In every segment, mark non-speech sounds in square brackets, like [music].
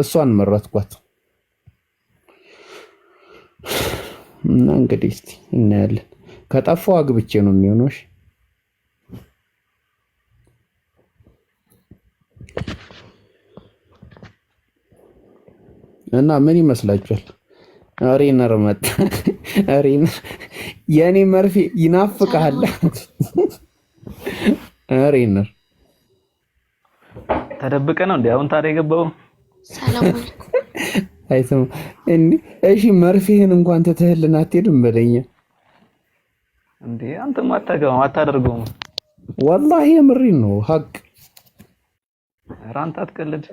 እሷን መረጥኳት እና እንግዲህ እስቲ እናያለን። ከጠፋው አግብቼ ነው የሚሆነው። እና ምን ይመስላችኋል? ሬነር መጣ። ሪነር የኔ መርፌ ይናፍቃል። ሪነር ተደብቀ ነው እንዲ አሁን ታዲያ የገባው? አይሰማም እንዴ? እሺ መርፌህን እንኳን ትተህልን አትሄድም በለኛ። እንዴ? አንተም አታገባም አታደርገውም። ወላሂ የምሬን ነው ሀቅ። ኧረ አንተ አትቀልድ።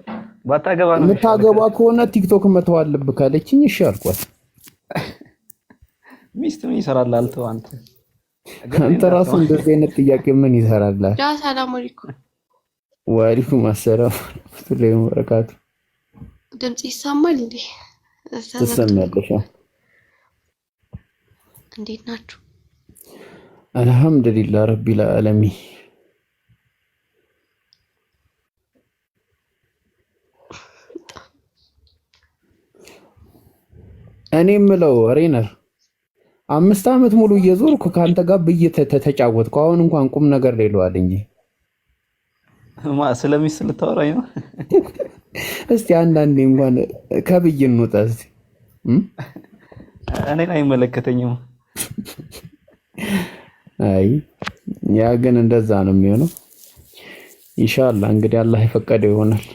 ባታገባ ነው የምታገባ ከሆነ ቲክቶክ መተው አለብህ ካለችኝ እሺ አልኳት። ሚስት ምን ይሰራል አልተው። አንተ አንተ ራሱ እንደዚህ አይነት ጥያቄ ምን ይሰራል? ሰላም አለይኩም። ወአለይኩም አሰላም ወራህመቱላሂ ወበረካቱ ድምጽ ይሰማል እንዴ? ትሰሚያለሽ? እንዴት ናችሁ? አልሐምዱሊላ ረቢል አለሚ እኔ የምለው ሬነር አምስት ዓመት ሙሉ እየዞርኩ ከአንተ ጋር ብዬ ተጫወትኩ። አሁን እንኳን ቁም ነገር ሌለዋል እንጂ ስለሚስል ልታወራኝ ነው እስቲ አንዳንዴ እንኳን ከብይ እንውጣ። እስቲ እኔን አይመለከተኝም። አይ ያ ግን እንደዛ ነው የሚሆነው። ይሻላ እንግዲህ አላህ የፈቀደው ይሆናል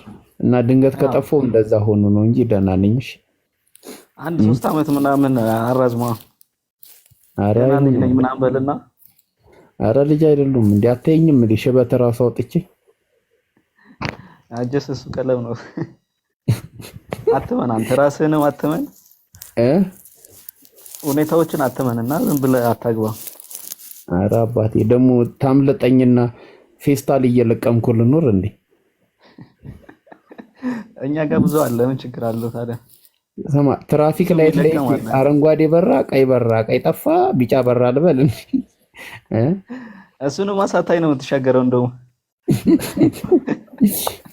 እና ድንገት ከጠፋው እንደዛ ሆኖ ነው እንጂ ደህና ነኝ። እሺ አንድ ሶስት አመት ምናምን አራዝማ አራ ነኝ ምናምን በልና አረ ልጅ አይደሉም እንዲ አታየኝም? ሽበት ራሱ አውጥቼ አጀስ እሱ ቀለም ነው። አትመን አንተ ራስህንም አትመን እ ሁኔታዎችን አትመንና ዝም ብለህ አታግባ። ኧረ አባቴ ደግሞ ታምለጠኝና ፌስታል እየለቀምኩ ልኖር እንዴ? እኛ ጋር ብዙ አለ። ምን ችግር አለው ታዲያ? ስማ ትራፊክ ላይ ላይ አረንጓዴ በራ፣ ቀይ በራ፣ ቀይ ጠፋ፣ ቢጫ በራ ልበል እ እሱንም አሳታይ ነው የምትሻገረው እንደውም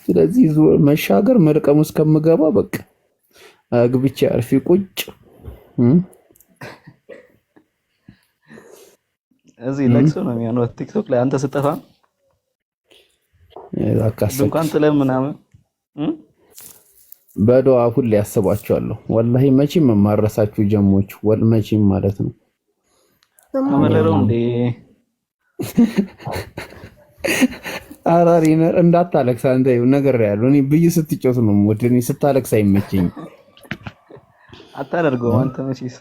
ስለዚህ መሻገር መርቀሙ እስከምገባ በቃ አግብቼ አርፊ ቁጭ እዚህ ለቅሶ ነው የሚሆነው። ቲክቶክ ላይ አንተ ስጠፋ ድንኳን ጥለ ምናምን በዱዓ ሁሌ ያስባቸዋለሁ። ወላሂ መቼም የማረሳችሁ ጀሞች መቼም ማለት ነው ተመለረው እንዴ [laughs] አራሪ እንዳታለቅስ አንተ ነገር ያለው እኔ ብይ ስትጮት ነው ሞድ እኔ ስታለቅስ አይመቸኝ። አታደርገው አንተ መቼስ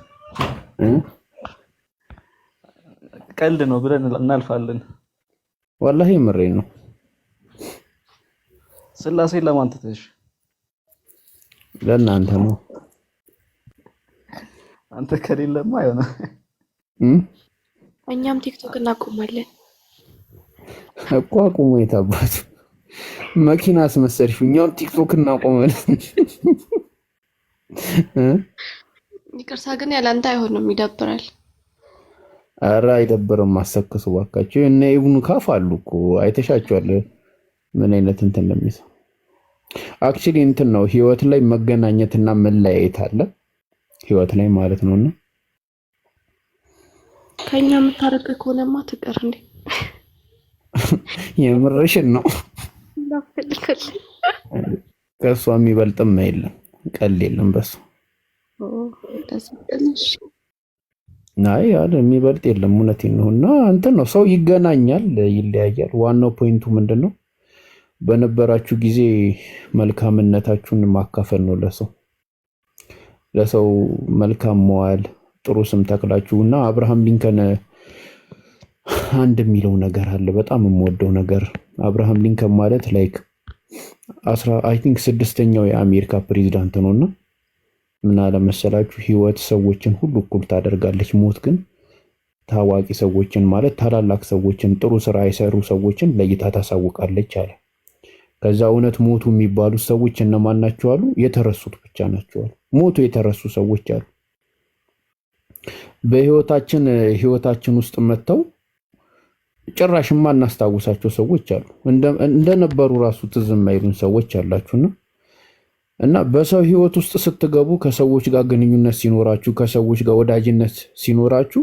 ቀልድ ነው ብለን እናልፋለን። ወላሂ ምሬ ነው። ስላሴ ለማን ትተሽ ለእናንተ ነው። አንተ ከሌለማ አይሆንም። እኛም ቲክቶክ እናቆማለን። አቋቁሞ የታባቱ መኪና አስመሰል እኛም ቲክቶክ እናቆመለን። ይቅርታ ግን ያላንተ አይሆንም፣ ይደብራል። አረ አይደብርም። አሰክሱ ባካቸው እነ ኢብኑ ካፍ አሉ እኮ አይተሻቸዋል። ምን አይነት እንትን እንደሚሰ አክቹሊ እንትን ነው ህይወት ላይ መገናኘትና መለያየት አለ ህይወት ላይ ማለት ነውና ከኛ የምታረቅ ከሆነማ ትቀር እንዴ የምርሽን ነው። ከእሷ የሚበልጥም የለም፣ ቀል የለም በሱ ናይ ያለ የሚበልጥ የለም። እውነቴን ነው። እና እንትን ነው ሰው ይገናኛል፣ ይለያያል። ዋናው ፖይንቱ ምንድን ነው? በነበራችሁ ጊዜ መልካምነታችሁን ማካፈል ነው። ለሰው ለሰው መልካም መዋል ጥሩ ስም ተክላችሁ እና አብርሃም ሊንከን አንድ የሚለው ነገር አለ። በጣም የምወደው ነገር አብርሃም ሊንከን ማለት ላይክ አይ ቲንክ ስድስተኛው የአሜሪካ ፕሬዚዳንት ነው እና ምን አለመሰላችሁ ህይወት ሰዎችን ሁሉ እኩል ታደርጋለች። ሞት ግን ታዋቂ ሰዎችን ማለት ታላላቅ ሰዎችን፣ ጥሩ ስራ የሰሩ ሰዎችን ለይታ ታሳውቃለች አለ። ከዛ እውነት ሞቱ የሚባሉት ሰዎች እነማን ናቸው አሉ? የተረሱት ብቻ ናቸው አሉ። ሞቱ የተረሱ ሰዎች አሉ በህይወታችን ህይወታችን ውስጥ መጥተው ጭራሽ የማናስታውሳቸው ሰዎች አሉ። እንደነበሩ ራሱ ትዝ የማይሉን ሰዎች አላችሁና እና በሰው ህይወት ውስጥ ስትገቡ ከሰዎች ጋር ግንኙነት ሲኖራችሁ፣ ከሰዎች ጋር ወዳጅነት ሲኖራችሁ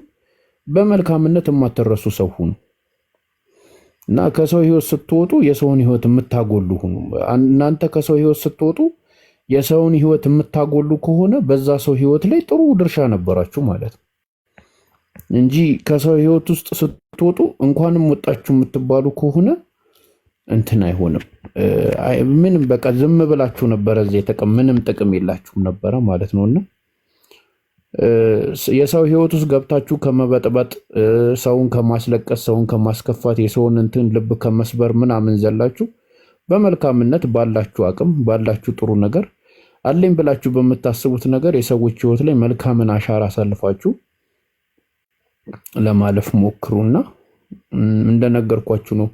በመልካምነት የማትረሱ ሰው ሁኑ እና ከሰው ህይወት ስትወጡ የሰውን ህይወት የምታጎሉ ሁኑ። እናንተ ከሰው ህይወት ስትወጡ የሰውን ህይወት የምታጎሉ ከሆነ በዛ ሰው ህይወት ላይ ጥሩ ድርሻ ነበራችሁ ማለት ነው እንጂ ከሰው ህይወት ውስጥ ትወጡ እንኳንም ወጣችሁ የምትባሉ ከሆነ እንትን አይሆንም። ምንም በቃ ዝም ብላችሁ ነበረ እዚህ ጥቅም ምንም ጥቅም የላችሁም ነበረ ማለት ነውና የሰው ህይወት ውስጥ ገብታችሁ ከመበጥበጥ ሰውን ከማስለቀስ ሰውን ከማስከፋት የሰውን እንትን ልብ ከመስበር ምናምን ዘላችሁ በመልካምነት ባላችሁ አቅም ባላችሁ ጥሩ ነገር አለኝ ብላችሁ በምታስቡት ነገር የሰዎች ህይወት ላይ መልካምን አሻራ አሳልፋችሁ ለማለፍ ሞክሩና እንደነገርኳችሁ ነው።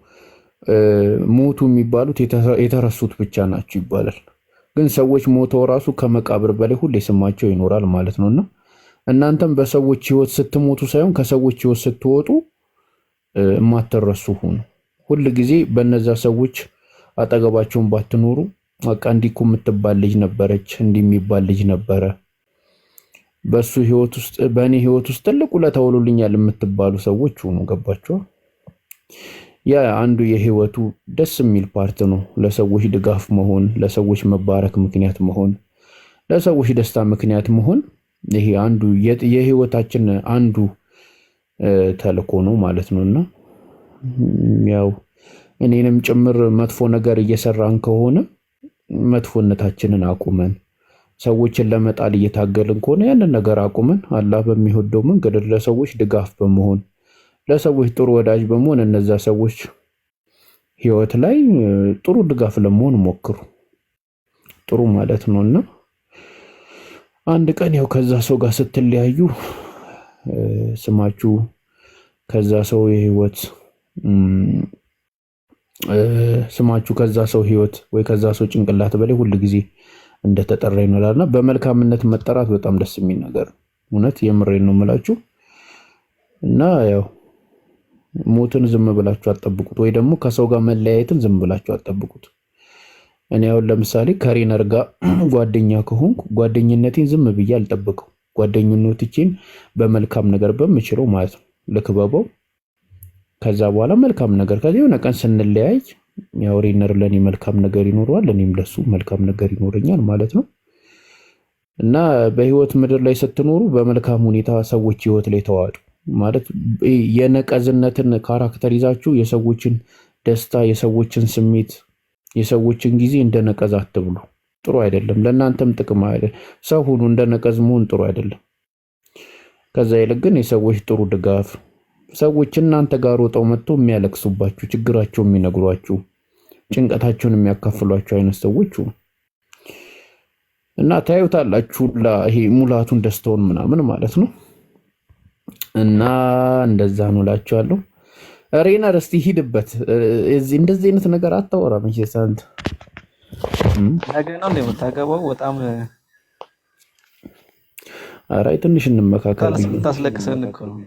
ሞቱ የሚባሉት የተረሱት ብቻ ናቸው ይባላል። ግን ሰዎች ሞተው ራሱ ከመቃብር በላይ ሁሌ ስማቸው ይኖራል ማለት ነው እና እናንተም በሰዎች ህይወት ስትሞቱ ሳይሆን ከሰዎች ህይወት ስትወጡ የማትረሱ ሁኑ። ሁል ጊዜ በነዛ ሰዎች አጠገባቸውን ባትኖሩ በቃ እንዲኩ የምትባል ልጅ ነበረች፣ እንዲህ የሚባል ልጅ ነበረ በእሱ ህይወት ውስጥ በእኔ ህይወት ውስጥ ትልቅ ውለታ ውሎልኛል የምትባሉ ሰዎች ሆኖ ገባችሁ? ያ አንዱ የህይወቱ ደስ የሚል ፓርት ነው። ለሰዎች ድጋፍ መሆን፣ ለሰዎች መባረክ ምክንያት መሆን፣ ለሰዎች ደስታ ምክንያት መሆን፣ ይሄ አንዱ የህይወታችን አንዱ ተልእኮ ነው ማለት ነው እና ያው እኔንም ጭምር መጥፎ ነገር እየሰራን ከሆነ መጥፎነታችንን አቁመን ሰዎችን ለመጣል እየታገልን ከሆነ ያንን ነገር አቁመን አላህ በሚወደው መንገድ ለሰዎች ድጋፍ በመሆን ለሰዎች ጥሩ ወዳጅ በመሆን እነዛ ሰዎች ህይወት ላይ ጥሩ ድጋፍ ለመሆን ሞክሩ። ጥሩ ማለት ነው እና አንድ ቀን ያው ከዛ ሰው ጋር ስትለያዩ ስማችሁ ከዛ ሰው የህይወት ስማችሁ ከዛ ሰው ህይወት ወይ ከዛ ሰው ጭንቅላት በላይ ሁል ጊዜ እንደተጠራ ይኖላል በመልካምነት መጠራት በጣም ደስ የሚል ነገር እውነት የምሬን ነው የምላችሁ። እና ያው ሞትን ዝም ብላችሁ አጠብቁት፣ ወይ ደግሞ ከሰው ጋር መለያየትን ዝም ብላችሁ አጠብቁት። እኔ አሁን ለምሳሌ ከሬነር ጋር [clears throat] ጓደኛ ከሆንኩ ጓደኝነቴን ዝም ብዬ አልጠብቀው፣ ጓደኝነቶቼን በመልካም ነገር በምችለው ማለት ነው ልክበበው። ከዛ በኋላ መልካም ነገር ከዚህ የሆነ ቀን ስንለያይ ያው ሬነር ለእኔ መልካም ነገር ይኖረዋል፣ እኔም ለሱ መልካም ነገር ይኖረኛል ማለት ነው። እና በህይወት ምድር ላይ ስትኖሩ በመልካም ሁኔታ ሰዎች ህይወት ላይ ተዋጡ ማለት የነቀዝነትን ካራክተር ይዛችሁ የሰዎችን ደስታ፣ የሰዎችን ስሜት፣ የሰዎችን ጊዜ እንደ ነቀዝ አትብሉ። ጥሩ አይደለም፣ ለእናንተም ጥቅም አይደለም። ሰው ሁሉ እንደ ነቀዝ መሆን ጥሩ አይደለም። ከዛ ይልቅ ግን የሰዎች ጥሩ ድጋፍ ሰዎች እናንተ ጋር ወጣው መጥቶ የሚያለቅሱባችሁ፣ ችግራቸው የሚነግሯችሁ፣ ጭንቀታቸውን የሚያካፍሏቸው አይነት ሰዎች እና ታዩታላችሁ። ይሄ ሙላቱን ደስተውን ምናምን ማለት ነው። እና እንደዛ ነው እላቸዋለሁ። ሬነር እስቲ ሂድበት። እንደዚህ አይነት ነገር አታወራ መቼስ አንተ ነገ ነው እንደምታገባው። በጣም አራይ ትንሽ እንመካከል ታስለቅሰን እኮ ነው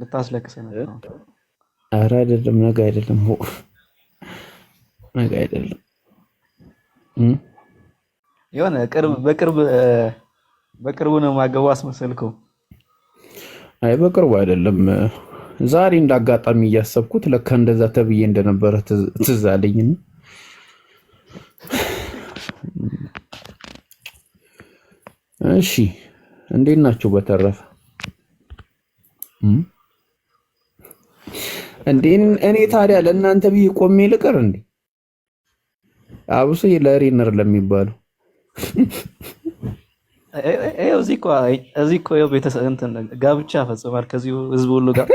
ልታስለቅሰን? አይደለም፣ ነገ አይደለም፣ ነገ አይደለም። የሆነ በቅርብ በቅርቡ ነው ማገቡ አስመሰልከው። አይ በቅርቡ አይደለም። ዛሬ እንዳጋጣሚ እያሰብኩት ለካ እንደዛ ተብዬ እንደነበረ ትዝ አለኝ። እሺ እንዴት ናችሁ? በተረፈ እንዴን እኔ ታዲያ ለእናንተ ብዬ ቆሜ ልቀር እንዴ? አብሶ ለሬነር ለሚባለው እዚህ እኮ እዚህ እኮ ቤተሰብ እንትን ጋብቻ ፈጽማል ከዚሁ ህዝብ ሁሉ ጋር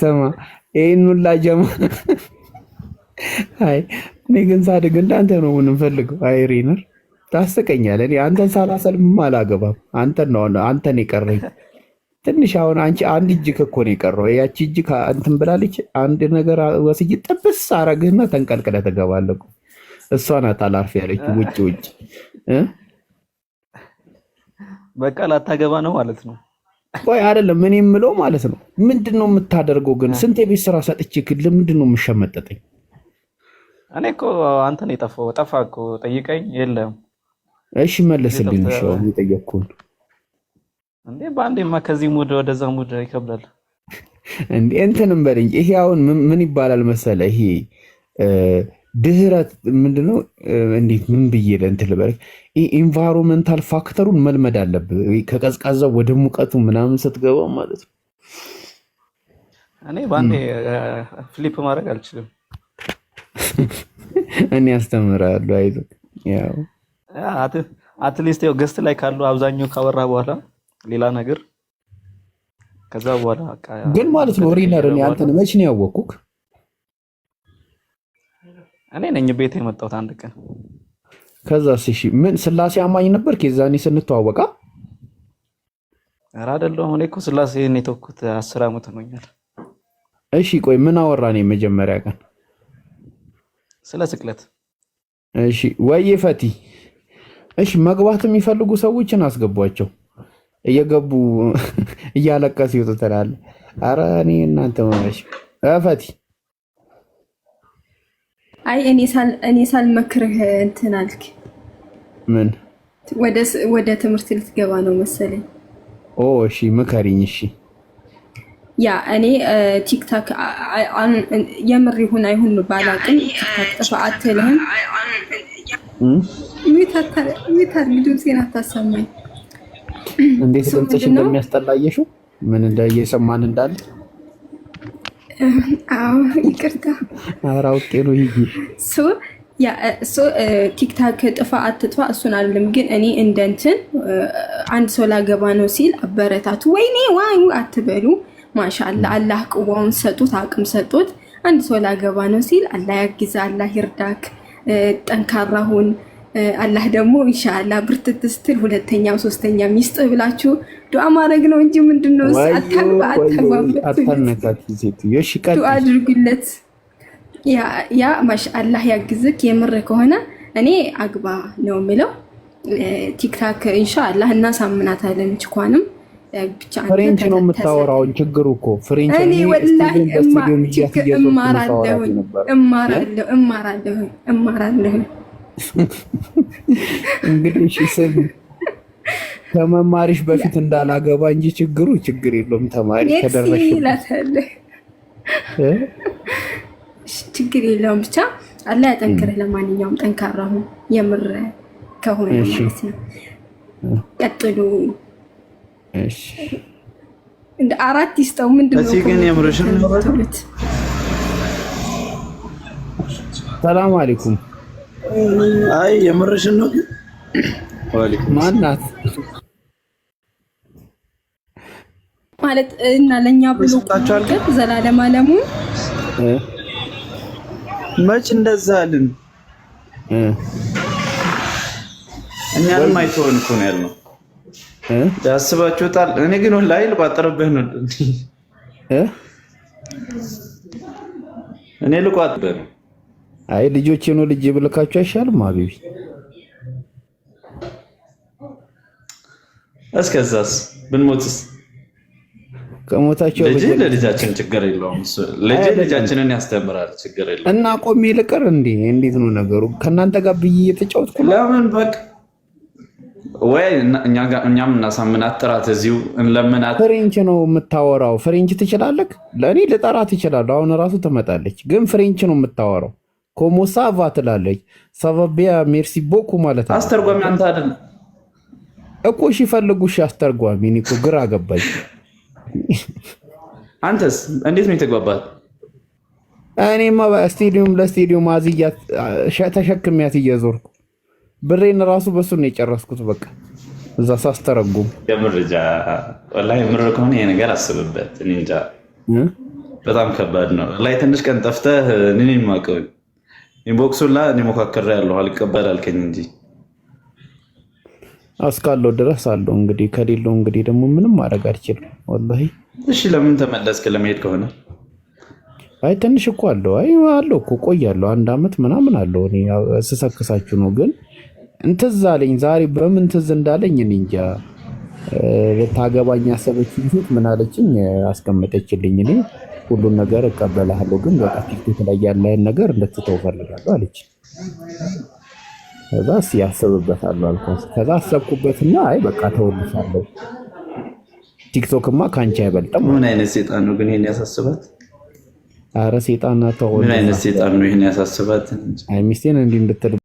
ሰማ ይሄን ሁላ ጀማ። አይ እኔ ግን ሳድግ እንዳንተ ነው የምንፈልገው። አይ ሬነር ታስቀኛለህ። አንተን ሳላሰልምም አላገባም። አንተን ነው አንተን የቀረኝ ትንሽ አሁን አንቺ አንድ እጅ እኮ ነው የቀረው። ያቺ እጅ እንትን ብላለች። አንድ ነገር ወስጅ ጥብስ አረግህና ተንቀልቅለ ትገባለህ። እሷ ናት አላርፍ ያለች ውጭ ውጭ። በቃ ላታገባ ነው ማለት ነው። ቆይ አይደለም እኔ የምለው ማለት ነው። ምንድን ነው የምታደርገው ግን? ስንት የቤት ስራ ሰጥቼ ክልል ምንድን ነው የምሸመጠጠኝ? እኔ እኮ አንተን የጠፋው ጠፋ እኮ ጠይቀኝ የለም። እሺ መለስልኝ ሻው የጠየቅኩህን እንዴ በአንዴማ ከዚህ ሙድ ወደዛ ሙድ ይከብዳል። እንዴ እንትንም በለኝ። ይሄ አሁን ምን ይባላል መሰለ ይሄ ድህረት ምንድነው? እንዴት ምን ብዬ እንትን ልበል፣ ኢንቫይሮንመንታል ፋክተሩን መልመድ አለብህ። ከቀዝቃዛው ወደ ሙቀቱ ምናምን ስትገባው ማለት ነው። እኔ በአንዴ ፍሊፕ ማድረግ አልችልም። [laughs] እኔ አስተምራለሁ። አይዞህ ያው አትሊስት ገስት ላይ ካሉ አብዛኛው ካወራ በኋላ ሌላ ነገር ከዛ በኋላ ግን ማለት ነው ሪነር አንተን መች ነው ያወቅኩህ? እኔ ነኝ ቤት የመጣሁት አንድ ቀን። ከዛ ሲሺ ምን ስላሴ አማኝ ነበር ከዛኔ ስንተዋወቃ? ኧረ አይደለሁም። እኔ እኮ ስላሴ ነው የተውኩት፣ አስር ዓመት ሆኖኛል። እሺ ቆይ ምን አወራን የመጀመሪያ ቀን? ስለ ስቅለት። እሺ ወይ ፈቲ። እሺ መግባት የሚፈልጉ ሰዎችን አስገቧቸው። እየገቡ እያለቀሱ ይወጡታል። አረ እኔ እናንተ መመሽ ፈቲ አይ እኔ ሳልመክርህ እንትን አልክ። ምን ወደ ትምህርት ልትገባ ነው መሰለኝ። ኦ እሺ ምከሪኝ። እሺ ያ እኔ ቲክታክ የምር ይሁን አይሁን ባላቅም ቲክታክ ጥፋ አትልህም። ሚታር ሚታር ድምፄን አታሰማኝ እንዴት ድምፅሽ እንደሚያስጠላ አየሽው? ምን እየሰማን እንዳለ አዎ ይቅርታ። ኧረ አውቄ ነው ይሄ እሱ ቲክታክ ጥፋ አትጥፋ እሱን አይደለም ግን እኔ እንደንትን አንድ ሰው ላገባ ነው ሲል አበረታቱ። ወይኔ ዋዩ አትበሉ። ማሻላ አላህ ቅዋውን ሰጡት፣ አቅም ሰጡት። አንድ ሰው ላገባ ነው ሲል አላህ ያግዛ፣ አላህ ይርዳክ፣ ጠንካራ ሁን አላህ ደግሞ ኢንሻአላህ ብርትት ስትል ሁለተኛም ሶስተኛም ሚስጥ ብላችሁ ዱዓ ማድረግ ነው እንጂ ምንድነው? አታግባ አታግባ አድርጉለት። ያ ማሻአላህ ያግዝክ። የምር ከሆነ እኔ አግባ ነው የምለው። ቲክታክ ኢንሻአላህ እናሳምናታለን። ችኳንም ብቻ ፍሬንች ነው የምታወራው። ችግሩ እኮ ፍሬንች እኔ ወላሂ እማራለሁ እማራለሁ እማራለሁ እማራለሁ እንግዲህ ስም ከመማሪሽ በፊት እንዳላገባ እንጂ ችግሩ ችግር የለውም። ተማሪ ከደረሽ ችግር የለውም። ብቻ አላህ ያጠንክርህ። ለማንኛውም ጠንካራ ሁን፣ የምር ከሆነ ማለት ነው። ቀጥሉ። እንደ አራት ይስጠው። ምንድን ነው ግን ሰላም አለይኩም አይ የምርሽን ነው ግን ማናት ማለት እና ለኛ ብሎ ቁጣቻል ዘላለም አለሙ መች እንደዛ አልን። እኛንም አይተውን እኮ ነው ያልነው። ያስባችሁታል። እኔ ግን ወላሂ ልቋጥርብህ ነው። እኔ ልቋጥርብህ ነው። አይ ልጆቼ ነው ልጅ ብልካችሁ አይሻልም? አቢቢ እስከዛስ ብንሞትስ? ከሞታቸው ልጅ ለልጃችን ችግር የለውም። ልጅ ልጃችንን ያስተምራል፣ ችግር የለውም። እና ቆሜ ልቀር እንዴ? እንዴት ነው ነገሩ? ከእናንተ ጋር ብዬ እየተጫወትኩ ለምን በቃ ወይ እኛም እናሳምናት፣ ጥራት እዚሁ እንለምናት። ፍሬንች ነው የምታወራው፣ ፍሬንች ትችላለህ። ለእኔ ልጠራት እችላለሁ። አሁን ራሱ ትመጣለች፣ ግን ፍሬንች ነው የምታወራው ኮሞሳቫ ትላለች። ሳቫቢያ ሜርሲ ቦኩ ማለት አስተርጓሚ አንተ አይደለም እኮ እሺ፣ ፈልጉሽ አስተርጓሚ። ኒኮ ግራ ገባኝ። አንተስ እንዴት ነው የተግባባት? እኔማ ስቴዲየም ለስቴዲየም አዝያት ተሸክሚያት እየዞርኩ ብሬን ራሱ በሱ ነው የጨረስኩት። በቃ እዛ ሳስተረጉም የምርጃ ወላሂ ምር ከሆነ ይሄ ነገር አስብበት። እኔ እንጃ በጣም ከባድ ነው ላይ ትንሽ ቀን ጠፍተህ እኔን ማቀበል ኢንቦክሱላ እኔ ሞካከር ያለሁ አልቀበል አልከኝ እንጂ እስካለው ድረስ አለው። እንግዲህ ከሌለው እንግዲህ ደግሞ ምንም ማድረግ አልችልም ወላሂ። እሺ ለምን ተመለስክ? ለመሄድ ከሆነ አይ ትንሽ እኮ አለው። አይ አለው እኮ ቆያለሁ፣ አንድ አመት ምናምን አለው። እኔ ስሰክሳችሁ ነው። ግን እንትዝ አለኝ ዛሬ በምን ትዝ እንዳለኝ እኔ እንጃ። ልታገባኝ ያሰበች ምን አለችኝ፣ አስቀመጠችልኝ እኔ ሁሉን ነገር እቀበላለሁ፣ ግን በቃ ቲክቶክ ላይ ያለህን ነገር እንድትተው ፈልጋለሁ አለች። ከዛ ያስብበታለሁ አልኳት። ከዛ አሰብኩበትና አይ በቃ ተወልፋለሁ፣ ቲክቶክማ ከአንቺ አይበልጥም። ምን አይነት ሴጣን ነው ግን ይሄን ያሳስባት? አረ ሴጣን ናት። ምን አይነት ሴጣን ነው ይሄን ያሳስባት? አይ ሚስቴን እንዲህ እንድትል